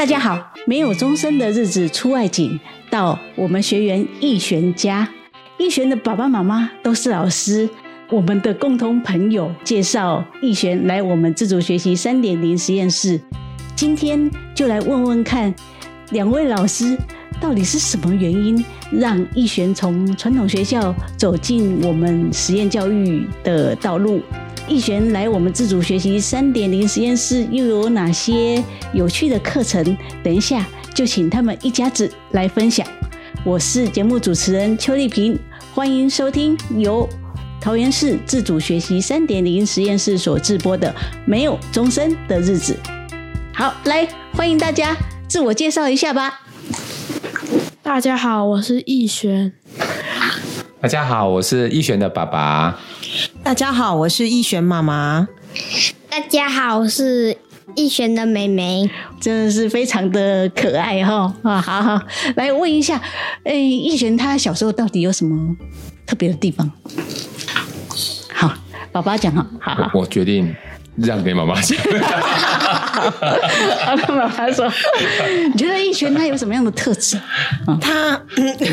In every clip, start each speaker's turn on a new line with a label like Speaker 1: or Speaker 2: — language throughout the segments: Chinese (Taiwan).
Speaker 1: 大家好，沒有鐘聲的日子出外景，到我們學員奕璿家，奕璿的爸爸媽媽都是老師，我們的共同朋友介紹奕璿來我們自主學習三點零實驗室，今天就來問問看，兩位老師到底是什麼原因讓奕璿從傳統學校走進我們實驗教育的道路？奕璿來我們自主學習三點零實驗室又有哪些有趣的課程？等一下就請他們一家子來分享。我是節目主持人邱儷萍，歡迎收聽由桃園市自主學習三點零實驗室所製播的《沒有鐘聲的日子》。好，來歡迎大家自我介紹一下吧。大家好，
Speaker 2: 我是奕璿。
Speaker 3: 大家好，我是奕璿的爸爸。
Speaker 2: 大家好，我是奕璿媽媽。大家好，我是奕璿的妹妹，真的是非常的可愛哈啊！好好，來問一下，
Speaker 1: 哎、欸，奕璿他小時候到底有什麼特別的地方？好，爸爸講啊，好，好。
Speaker 3: 我，我決定讓給媽媽講。
Speaker 2: 阿拉瑪說：“你覺得奕璿他有什麼樣的特質？哦、他、嗯嗯、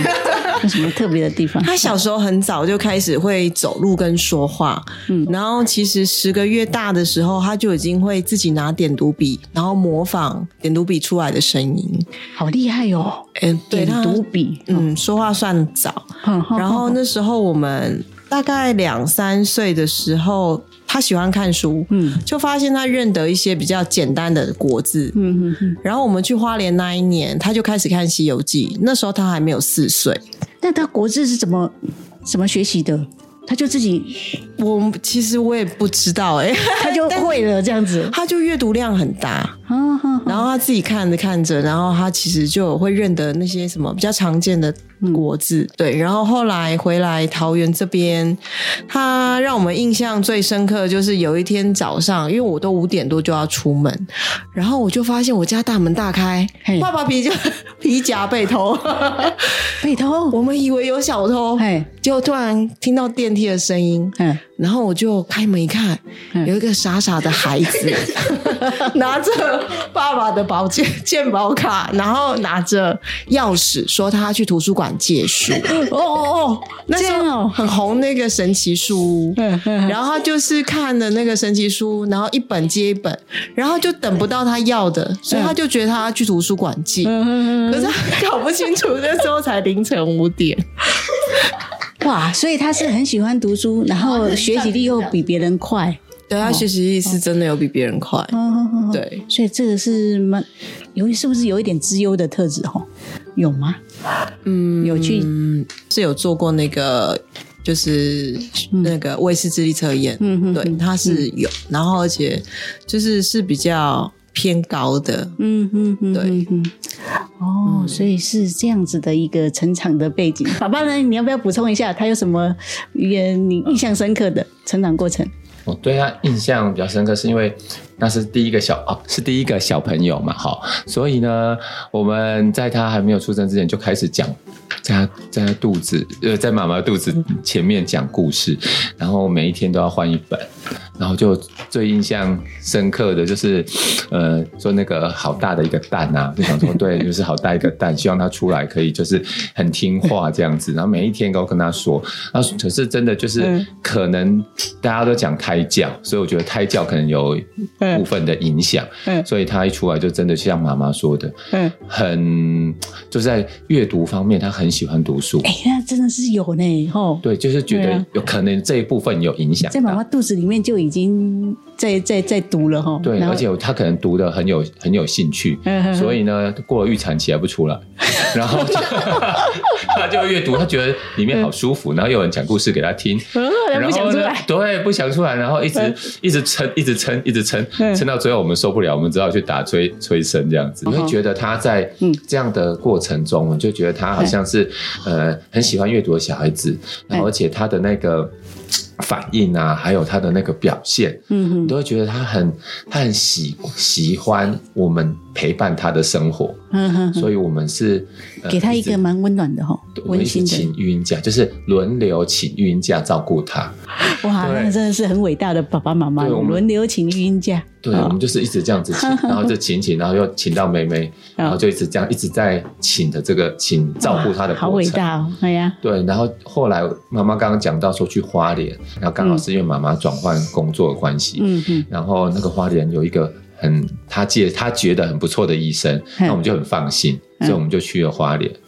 Speaker 2: 有什麼特別的地方？ 他小時候很早就開始會走路跟說話，嗯，然後其實十個月大的時候他就已經會自己拿點讀筆，然後模仿點讀筆出來的聲音，好厲害喲、哦！嗯，點讀筆，嗯，說話算早。嗯、然後那時候我們大概兩三歲的時候。”他喜歡看書，嗯，就發現他認得一些比較簡單的國字，嗯哼哼，嗯嗯、然後我們去花蓮那一年，他就開始看《西遊記》，那時候他還沒有四歲。那他國字是怎麼怎麼學習的？他就自己，我其實我也不知道哎、欸，他就會了這樣子， 他就閱讀量很大。啊，然後他自己看着看着，然後他其實就會認得那些什麼比較常見的國字。嗯、對。然後後來回來桃園這邊，他讓我們印象最深刻的就是有一天早上，因為我都五點多就要出門，然後我就發現我家大門大開，嘿爸爸皮夾皮夾被偷，嘿 被偷，我們以為有小偷，哎嘿，結果突然聽到電梯的聲音，然後我就開門一看，有一個傻傻的孩子 拿着爸爸的保健健保卡，然後拿着鑰匙說他去圖書館借書。哦哦哦，那這樣哦，很紅那個神奇書屋，哦、然後就是看了那個神奇書，然後一本接一本，然後就等不到他要的，所以他就覺得他要去圖書館借。 可是他搞不清楚，那時候才凌晨五點。 哇，所以他是很喜歡讀書，然後學習力又比別人快。哦、對他學習力是真的有比別人快。哦、對，所以
Speaker 1: 這個是什麼？有是不是有一點資優的特質？哦、有嗎？嗯，
Speaker 2: 有去是有做過那個，就是那個魏氏智力測驗。嗯對，他是有，嗯、然後而且就是是比較偏高的。嗯嗯嗯，
Speaker 1: 對。嗯哼哼哦，所以是這樣子的一個成長的背景。爸爸呢，你要不要補充一下，他有什麼一個你印象深刻的成長過程？
Speaker 3: 哦，對他印象比較深刻是因為那是第一個小啊，是第一個小朋友嘛，哈。所以呢，我們在他還沒有出生之前就開始講，在他，在他肚子呃，在媽媽肚子前面講故事，然後每一天都要換一本。然後就最印象深刻的就是，呃，說那個好大的一個蛋啊，就想說對，就是好大一個蛋， 希望他出來可以就是很聽話這樣子。然後每一天都跟他說，那、啊、可是真的就是可能大家都講胎教，所以我覺得胎教可能有部分的影響。嗯，所以他一出來就真的像媽媽說的，嗯，很就是在閱讀方面他很喜歡讀書。哎、欸，
Speaker 1: 那真的是有呢，吼。對，就是覺得
Speaker 3: 有可能這一部分有影響。在
Speaker 1: 媽媽肚子裡面就有影響。已經在在在讀了哈，對，而且
Speaker 3: 他可能讀得很有很有興趣，所以呢，過了預產期還不出來，然後他就閱讀，他覺得裡面好舒服，然後有人講故事給他聽，然後不想出來，對，不想出來，然後一直一直撐，一直撐，一直撐，撐到最後我們受不了，我們只好去打催催生這樣子。你會覺得他在這樣的過程中，我就覺得他好像是呃很喜歡閱讀的小孩子，而且他的那個。反應啊，還有他的那個表現，嗯哼都會覺得他很，他很喜喜歡我們陪伴他的生活，嗯哼，
Speaker 1: 哼，所以
Speaker 3: 我們是、呃、給他一個
Speaker 1: 蠻溫暖的，直溫馨的，我們一起請
Speaker 3: 育嬰假，就是輪流請育嬰假照顧他，
Speaker 1: 哇，對那真的是很偉大的爸爸媽媽，輪流請育嬰假。對，我們
Speaker 3: 就是一直這樣子請，然後就請請，然後又請到妹妹，然後就一直這樣一直在請的這個請照顧她的過程。好偉大哦，
Speaker 1: 對呀，
Speaker 3: 啊。對，然後後來媽媽剛剛講到說去花蓮，然後剛好是因為媽媽轉換工作的關係，嗯嗯。然後那個花蓮有一個很她覺得她覺得很不錯的醫生，嗯，那我們就很放心，所以我們就去了花蓮。嗯，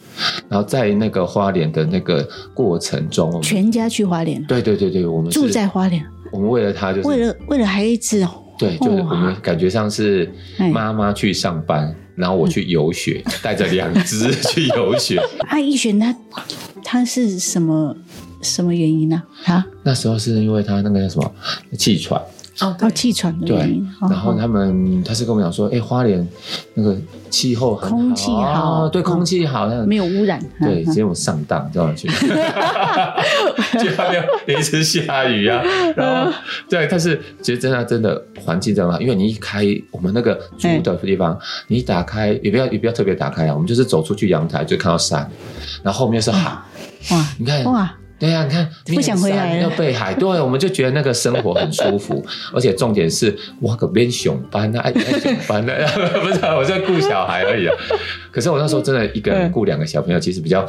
Speaker 3: 然後在那個花蓮的那個過程中，全
Speaker 1: 家去花蓮，對對對對，我們住在花蓮，
Speaker 3: 我們為了她，就是
Speaker 1: 為了為了孩子。對，就是我們
Speaker 3: 感覺像是媽媽去上班，嗯、然後我去遊學，帶着兩隻去遊學。
Speaker 1: 啊，奕璿他，他是什麼什麼原因呢？啊？那時候是因為他
Speaker 3: 那個叫什麼氣喘。
Speaker 1: 哦，啊，氣喘，對，然後他
Speaker 3: 們他是跟我們講說，哎，花蓮那個氣候很好，空氣好，對，空氣好，沒有
Speaker 1: 污染。對，
Speaker 3: 只有我上當，知道嗎？去，結果連日下雨啊，然後對，但是其實真的真的環境真的好，因為你一開我們那個住的地方，你打開也不要也不要特別打開啊，我們就是走出去陽台就看到山，然後後面是海，哇，你看。對啊，你看，不想回來，要被海，對，我們就覺得那個生活很舒服， 而且重點是，哇，可變熊班呢，愛愛熊班呢， 不是、啊，我在顧小孩而已啊。可是我那時候真的一個人顧兩個小朋友，其實比較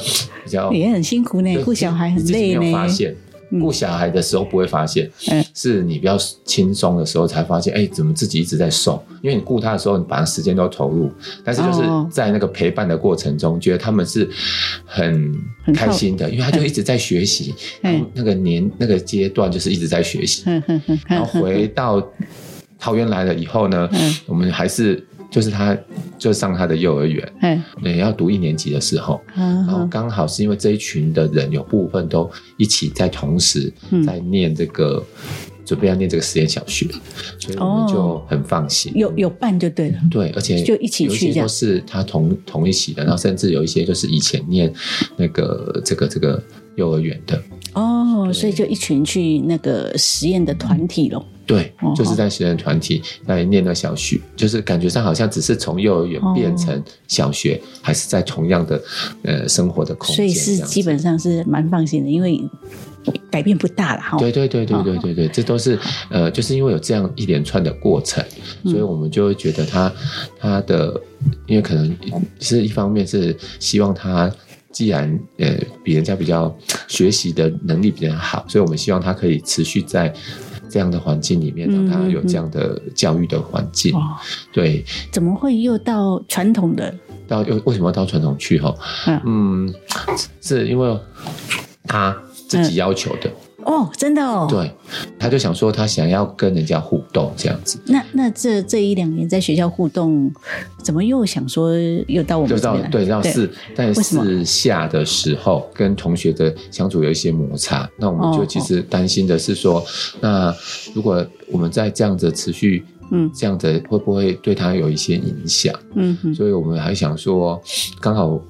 Speaker 3: 比較也
Speaker 1: 很辛苦呢、欸，就顧小孩很累、欸、沒有發現。
Speaker 3: 顧小孩的時候不會發現，嗯、是你比較輕鬆的時候才發現，哎、欸欸，怎麼自己一直在瘦，因為你顧他的時候，你把他時間都投入，但是就是在那個陪伴的過程中，哦、覺得他們是很開心的，嗯、因為他就一直在學習、欸，那個年那個階段就是一直在學習，欸、然後回到桃園來了以後呢，欸、我們還是。就是他，就上他的幼兒園，嘿對，要讀一年級的時候，呵呵，然後剛好是因為這一群的人有部分都一起在同時在念這個，嗯、準備要念這個實驗小學，所以我們就很放心、哦嗯，有有
Speaker 1: 伴就對了，
Speaker 3: 對，而且就一起去，尤其說是他同同一起的，然後甚至有一些就是以前念那個這個這個幼兒園的。
Speaker 1: 哦，oh, 對所以就一群去那個實驗的團體咯。
Speaker 3: 對，就是在實驗團體在念到小學，就是感覺上好像只是從幼兒園變成小學，oh. 還是在同樣的呃生活的空間。所以是基
Speaker 1: 本上是蠻放心的，因為改變不大了。對對對對對對
Speaker 3: 對，oh. 這都是呃，就是因為有這樣一連串的過程，所以我們就會覺得他、oh. 他的，因為可能是一方面是希望他。既然呃比人家比較學習的能力比較好，所以我們希望他可以持續在這樣的環境裡面，讓他有這樣的教育的環境。嗯嗯嗯對，
Speaker 1: 怎麼會又到傳統的？
Speaker 3: 到又為什麼要到傳統去哈？嗯，嗯，是因為他自己要求的。嗯
Speaker 1: 哦，真的哦。對，
Speaker 3: 他就想說，他想要跟人家互動這樣子。
Speaker 1: 那那這這一兩年在學校互動，怎麼又想說又到我們？就到對，到四對但四
Speaker 3: 下的時候跟同學的相處有一些摩擦，那我們就其實擔心的是說，哦、那如果我們再這樣子持續，嗯，這樣子會不會對他有一些影響？嗯哼，所以我們還想說，剛好。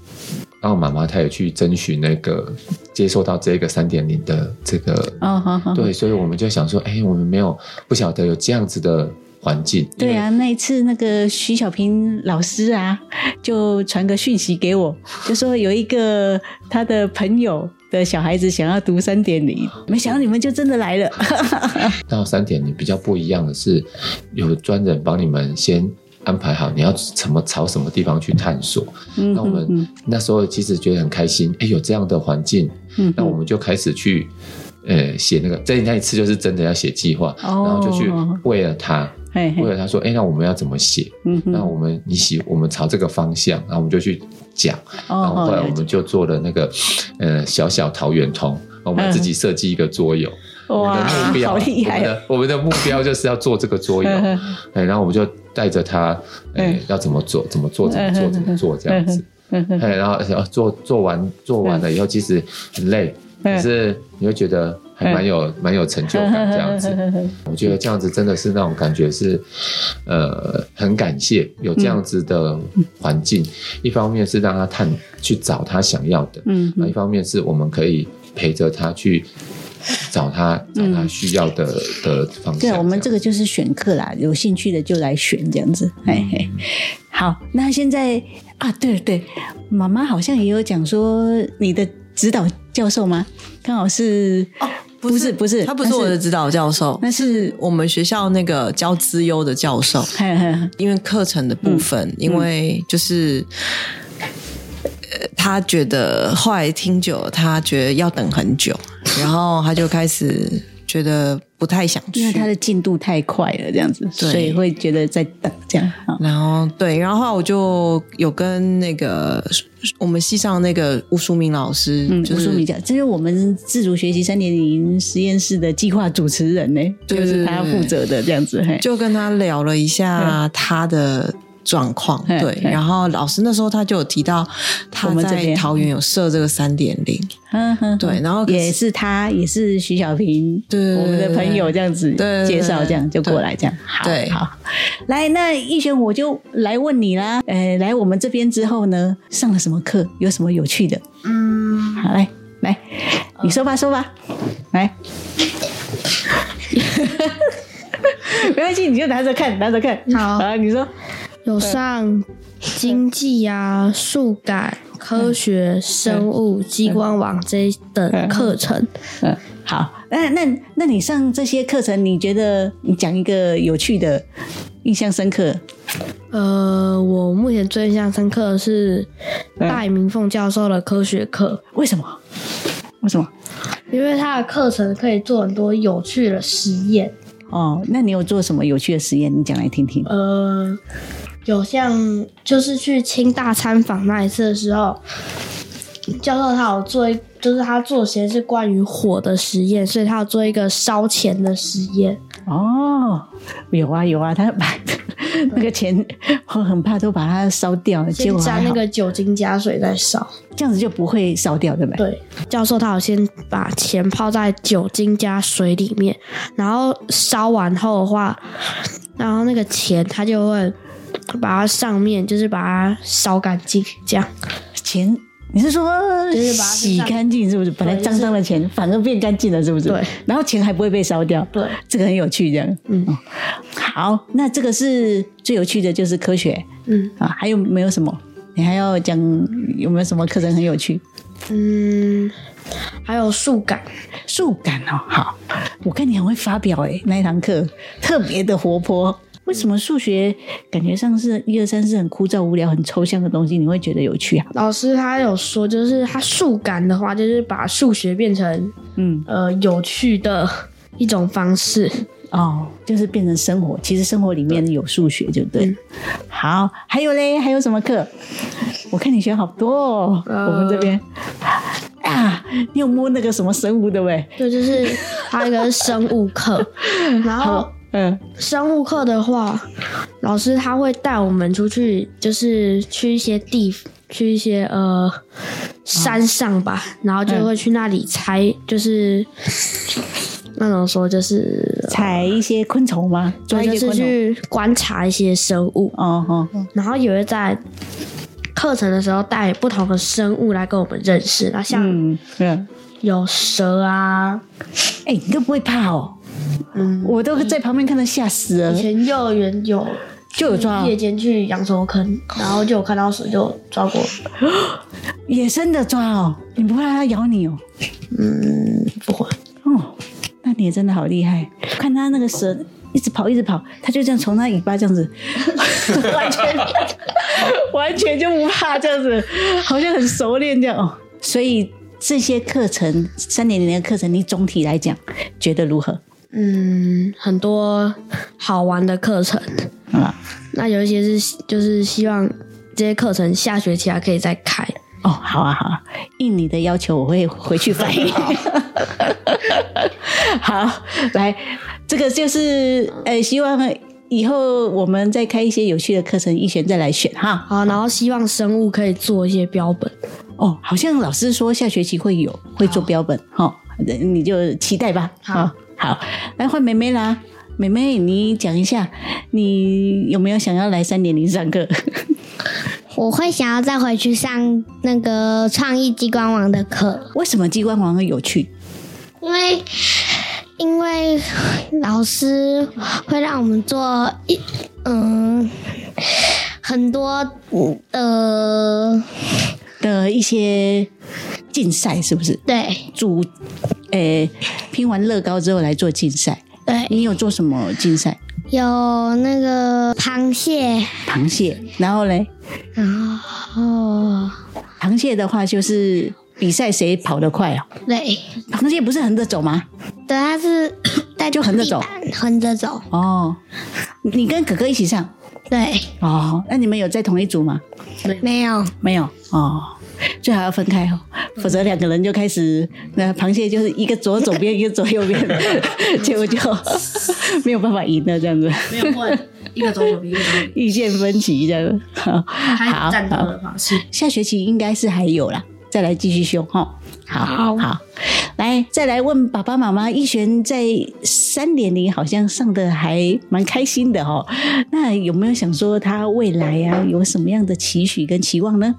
Speaker 3: 然後媽媽她也去爭取那個接受到這個三點零的這個
Speaker 1: ，oh, 對，okay.
Speaker 3: 所以我們就想說，哎、欸，我們沒有不曉得有這樣子的環境。
Speaker 1: 對啊，為那一次那個徐小平老師啊，就傳個訊息給我，就說有一個他的朋友的小孩子想要讀三點零，沒想到你們就真的來了。
Speaker 3: 到三點零比較不一樣的是，有專人幫你們先，安排好你要怎麼朝什麼地方去探索，嗯嗯，那我們那時候其實覺得很開心，哎、欸，有這樣的環境，那、嗯、哼，我們就開始去，呃，寫那個，在那一次就是真的要寫計劃，哦、然後就去為了他，嘿嘿，為了他說，哎、欸，那我們要怎麼寫？那、嗯、哼，我們你寫我們朝這個方向，然後我們就去講，
Speaker 2: 哦、然後後來我們
Speaker 3: 就做了那個呃，小小桃園通，我們自己設計一個桌遊。嘿嘿我們的目標，我們的我們的目標就是要做這個桌遊，哎嘿，然後我們就帶着他，哎、欸，要怎麼做，怎麼做，怎麼做，怎麼做，這樣子，哎，然後做做完做完了以後，其實很累，嘿可是你會覺得還蠻有蠻嘿有成就感這樣子。
Speaker 4: 嘿嘿嘿我覺得這
Speaker 3: 樣子真的是那種感覺是，呃，很感謝有這樣子的環境，嗯、一方面是讓他探去找他想要的，嗯哼，一方面是我們可以陪着他去。找他，找他需要的，嗯、的方式對，啊，
Speaker 1: 這樣。我們這個就是選課啦，有興趣的就來選這樣子。哎、嗯，好，那現在啊，對對，媽媽好像也有講說你的指導教授嗎？剛好是哦，不是不是，不是他不是我的指導
Speaker 2: 教授，那是，是我們學校那個教資優的教授。是啊，是啊，因為課程的部分，嗯、因為就是。嗯他覺得後來聽久了，他覺得要等很久，然後他就開始覺得不太想去，因為他的進度太快了，這樣子，對所以會覺得在等這樣。然後對，然後我就有跟那個我們系上那個吳淑敏老師，就是、嗯，吳淑敏講，這是我們自主學習三點零實驗室的計劃主持人
Speaker 1: 呢、欸，對就是他負責的這
Speaker 2: 樣子，就跟他聊了一下他的。嗯狀況，對，然後老師那時候他就有提到他在桃園有設這個三點零，嗯
Speaker 1: 哼，對，然後也是他也是徐小平對我們的朋友這
Speaker 2: 樣子對介紹，這樣就過來這樣，好，好，
Speaker 1: 來，那奕璿我就來問你啦，呃，來我們這邊之後呢，上了什麼課？有什麼有趣的？嗯，好，來，來，你說吧，說吧，來，沒關係，你就拿着看，拿着看好，你說。有
Speaker 4: 上經濟啊、數感、嗯、科學、嗯、生物、
Speaker 1: 機關、嗯、網這等課程、嗯嗯嗯。好，那那那你上這些課程，你覺得你講一個有趣的、印象深刻？呃，
Speaker 4: 我目前最印象深刻的是戴明鳳教授的科學課、
Speaker 1: 嗯。為什麼？為什麼？因為他的課程可以做很多有趣的實驗。哦，那你有做什麼有趣的實驗？你講來聽聽。呃。有
Speaker 4: 像就是去清大參訪那一次的時候，教授他有做一，就是他做實驗是關於火的實驗，所以他要做一個燒錢的實
Speaker 1: 驗。哦，有啊有啊，他把那個錢，對我很怕都把它燒掉了。結果沾那個酒精加水再燒，這樣子就不會燒
Speaker 4: 掉，對不對？對，教授他有先把錢泡在酒精加水裡面，然後燒完後的話，然後那個錢他就會。把它
Speaker 1: 上面就是把它燒乾淨，這樣錢，你是說就是把洗乾淨是不是？是，是本來髒髒的錢，就是，反而變乾淨了是不是？對。然後錢還不會被燒掉。對。這個很有趣，這樣。嗯，嗯。好，那這個是最有趣的就是科學。嗯。啊，還有沒有什麼？你還要講有沒有什麼課程很有趣？嗯，還有數感。數感哦。好，我看你很會發表哎，那一堂課特別的活潑。為什麼數學感覺上是一二三是很枯燥無聊，很抽象的東西？你會覺得有趣啊？老師他有說，就是他數
Speaker 4: 感的話，就是把數學變成嗯呃有趣的，一種方
Speaker 1: 式，嗯、哦，就是變成生活。其實生活裡面有數學，就對了。嗯、好，還有嘞，還有什麼課？ 我看你學好多哦。呃、我們這邊啊，你有摸那個什麼生物的喂，對，就是他那個生物課，
Speaker 4: 然後。嗯，生物課的話，老師他會帶我們出去，就是去一些地，去一些呃山上吧，啊、然後就會去那裡採，就是、嗯、那種說就是採一些昆蟲嗎？就，就是去觀察一些生物，哦哦、嗯，嗯、然後也會在課程的時候帶不同的生物來跟我們認識，那
Speaker 1: 像嗯，有蛇啊，哎、欸，你都不會怕哦？嗯，嗯，我都在旁邊看到嚇死了。以前幼兒園有，有就有抓，夜
Speaker 4: 間去羊稠
Speaker 1: 坑，然後就有看到蛇就抓過。野生的抓哦，你不怕它咬你哦？嗯，不會。哦，那你也真的好厲害，看他那個蛇一直跑一直跑，他就這樣，從他尾巴這樣子， 完全 完全就不怕這樣子，好像很熟練這樣哦。所以這些課程三點零的課程，你總體來講，覺得如何？
Speaker 4: 嗯，很多好玩的課程啊。 那有一些是就是希望這些課程下學期還可以再開
Speaker 1: 哦。好啊，好啊。應你的要求，我會回去反映。好，來，這個就是誒、呃，希望以後我們再開一些有趣的課程，一選再來選哈。好、啊，然後希望生物可以做一些標本。哦，好像老師說下學期會有會做標本，哈好、哦，你就期待吧。好。哦好，來換妹妹啦，妹妹，你講一下，你有沒有想要來三點零上課？
Speaker 4: 我會想要再回去上那個創意機關王的
Speaker 1: 課。為什麼機關王會有趣？因
Speaker 4: 為因為老師會讓我們做一嗯
Speaker 1: 很多的的一些。競賽是不是？對，組，誒，拼完樂高之後來做競賽。對，你有做什麼競賽？
Speaker 4: 有那個螃蟹，螃蟹，
Speaker 1: 然後嘞？然後，哦，螃蟹的話就是比賽誰跑得快哦。對，螃蟹不是橫着走嗎？對，它是就橫着走，橫着走。哦，你跟哥哥一起上？對。哦，那你們有在同一組嗎？沒有，沒有，哦。最好要分開哦，否則兩個人就開始對那螃蟹就是一個左左邊 一個左右邊，結果 就,就沒有辦法贏了這樣子。沒有錯， 一個左手邊一個右，意見分歧這樣子。好，戰鬥的方式。是下學期應該是還有啦再來繼續修哈。哦、好好,好,好，來再來問爸爸媽媽，奕璿在三點零好像上得還蠻開心的哈、哦。那有沒有想說他未來啊有什麼樣的期許跟期望呢？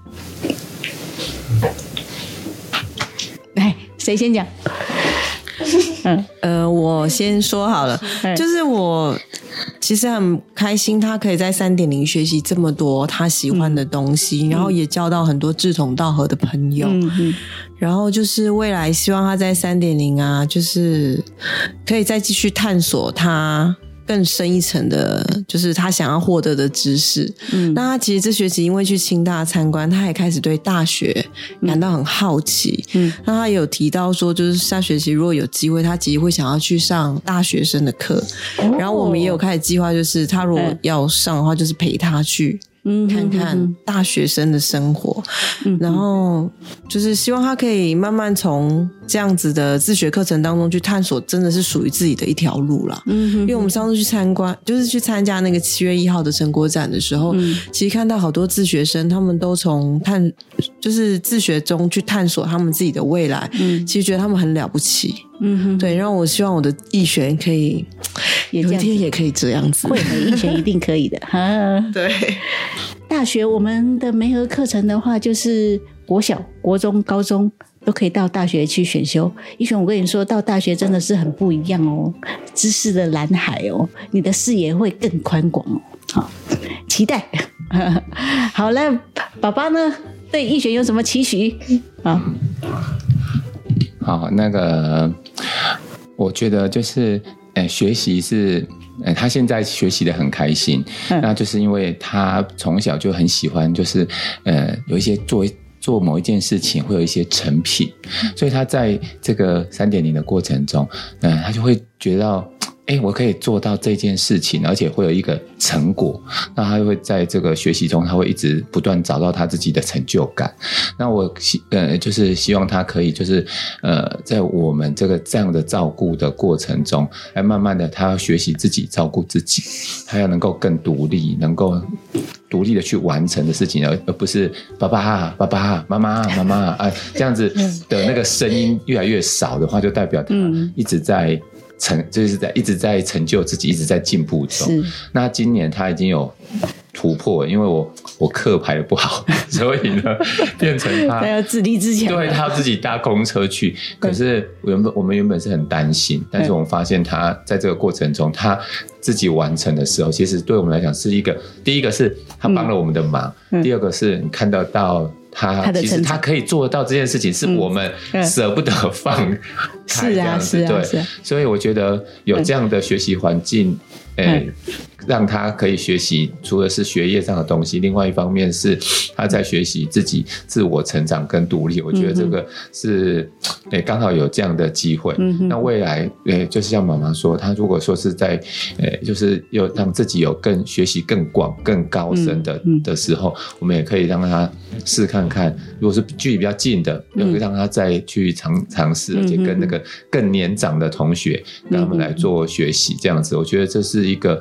Speaker 1: 誰先講？
Speaker 2: 嗯、 呃，我先說好了，就是我其實很開心，他可以在三點零學習這麼多他喜歡的東西，嗯、然後也交到很多志同道合的朋友。嗯、然後就是未來希望他在三點零啊，就是可以再繼續探索他。更深一層的，就是他想要獲得的知識。嗯，那他其實這學期因為去清大參觀，他也開始對大學感到很好奇。嗯，那他也有提到說，就是下學期如果有機會，他其實會想要去上大學生的課。哦。然後我們也有開始計劃，就是他如果要上的話，就是陪他去。嗯，看看大學生的生活，嗯、哼然後就是希望他可以慢慢從這樣子的自學課程當中去探索，真的是屬於自己的一條路了。嗯哼，因為我們上次去參觀，就是去參加那個七月一號的成果展的時候，嗯、其實看到好多自學生，他們都從探就是自學中去探索他們自己的未來。嗯，其實覺得他們很了不起。嗯哼，對，然後我希望我的奕璿可以。也有一天也可以這樣子，會的，奕璿一定可以的。哈、 啊，對，
Speaker 1: 大學我們的媒合課程的話，就是國小、國中、高中都可以到大學去選修。奕璿，我跟你說到大學真的是很不一樣哦，知識的藍海哦，你的視野會更寬廣哦。好，期待。 好了，爸爸呢？對奕璿有什麼期許？
Speaker 3: 啊，好，那個我覺得就是。呃、欸，學習是，呃、欸，他現在學習得很開心，嗯、那就是因為他從小就很喜歡，就是呃，有一些做做某一件事情會有一些成品，所以他在這個三點零的過程中，嗯、呃，他就會覺得。哎、欸，我可以做到這件事情，而且會有一個成果。那他會在這個學習中，他會一直不斷找到他自己的成就感。那我希呃，就是希望他可以就是呃，在我們這個這樣的照顧的過程中，慢慢的，他要學習自己照顧自己，他要能夠更獨立，能夠獨立的去完成的事情，而而不是爸爸爸爸媽媽媽媽啊這樣子的那個聲音越來越少的話，就代表他一直在。成就是在一直在成就自己，一直在進步中。是那今年他已經有突破了，因為我我課排的不好， 所以呢變成他要
Speaker 1: 自立自強，對，他要自己
Speaker 3: 搭公車去。 可是原本我們原本是很擔心，對但是我們發現他在這個過程中對他自己完成的時候，其實對我們來講是一個第一個是他幫了我們的忙，嗯嗯、第二個是你看得到，他其實他可以做得到這件事情，是我們捨不得放，是這樣子。對，所以我覺得有這樣的學習環境，哎、嗯。嗯讓他可以學習，除了是學業上的東西，另外一方面是他在學習自己自我成長跟獨立。嗯、哼我覺得這個是誒，剛、欸、好有這樣的機會。嗯、哼那未來誒、欸，就是像媽媽說，他如果說是在誒、欸，就是有讓自己有更學習更廣更高深的、嗯、哼的時候，我們也可以讓他試看看。如果是距離比較近的，可以、嗯、哼讓他再去嘗嘗試，而且跟那個更年長的同學，嗯、哼跟他們來做學習這樣子。我覺得這是一個。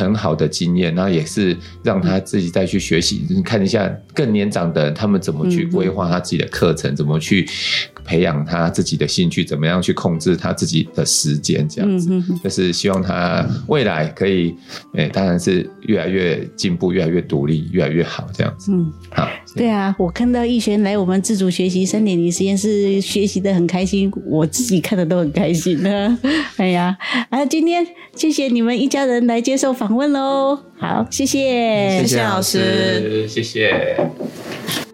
Speaker 3: 很好的經驗，那也是讓他自己再去學習，就是，看一下更年長的他們怎麼去規劃他自己的課程，嗯、哼怎麼去培養他自己的興趣，怎麼樣去控制他自己的時間，這樣
Speaker 1: 子，嗯、
Speaker 2: 哼
Speaker 3: 就是希望他未來可以，哎、嗯欸，當然是越來越進步，越來越獨立，越來越好這樣子。嗯，好，
Speaker 1: 對啊，我看到奕璿來我們自主學習三點零實驗室學習的很開心，我自己看的都很開心呢！ 哎呀，啊，今天謝謝你們一家人來接受訪問嘍，好，謝謝，謝謝老師，
Speaker 3: 謝謝。謝謝。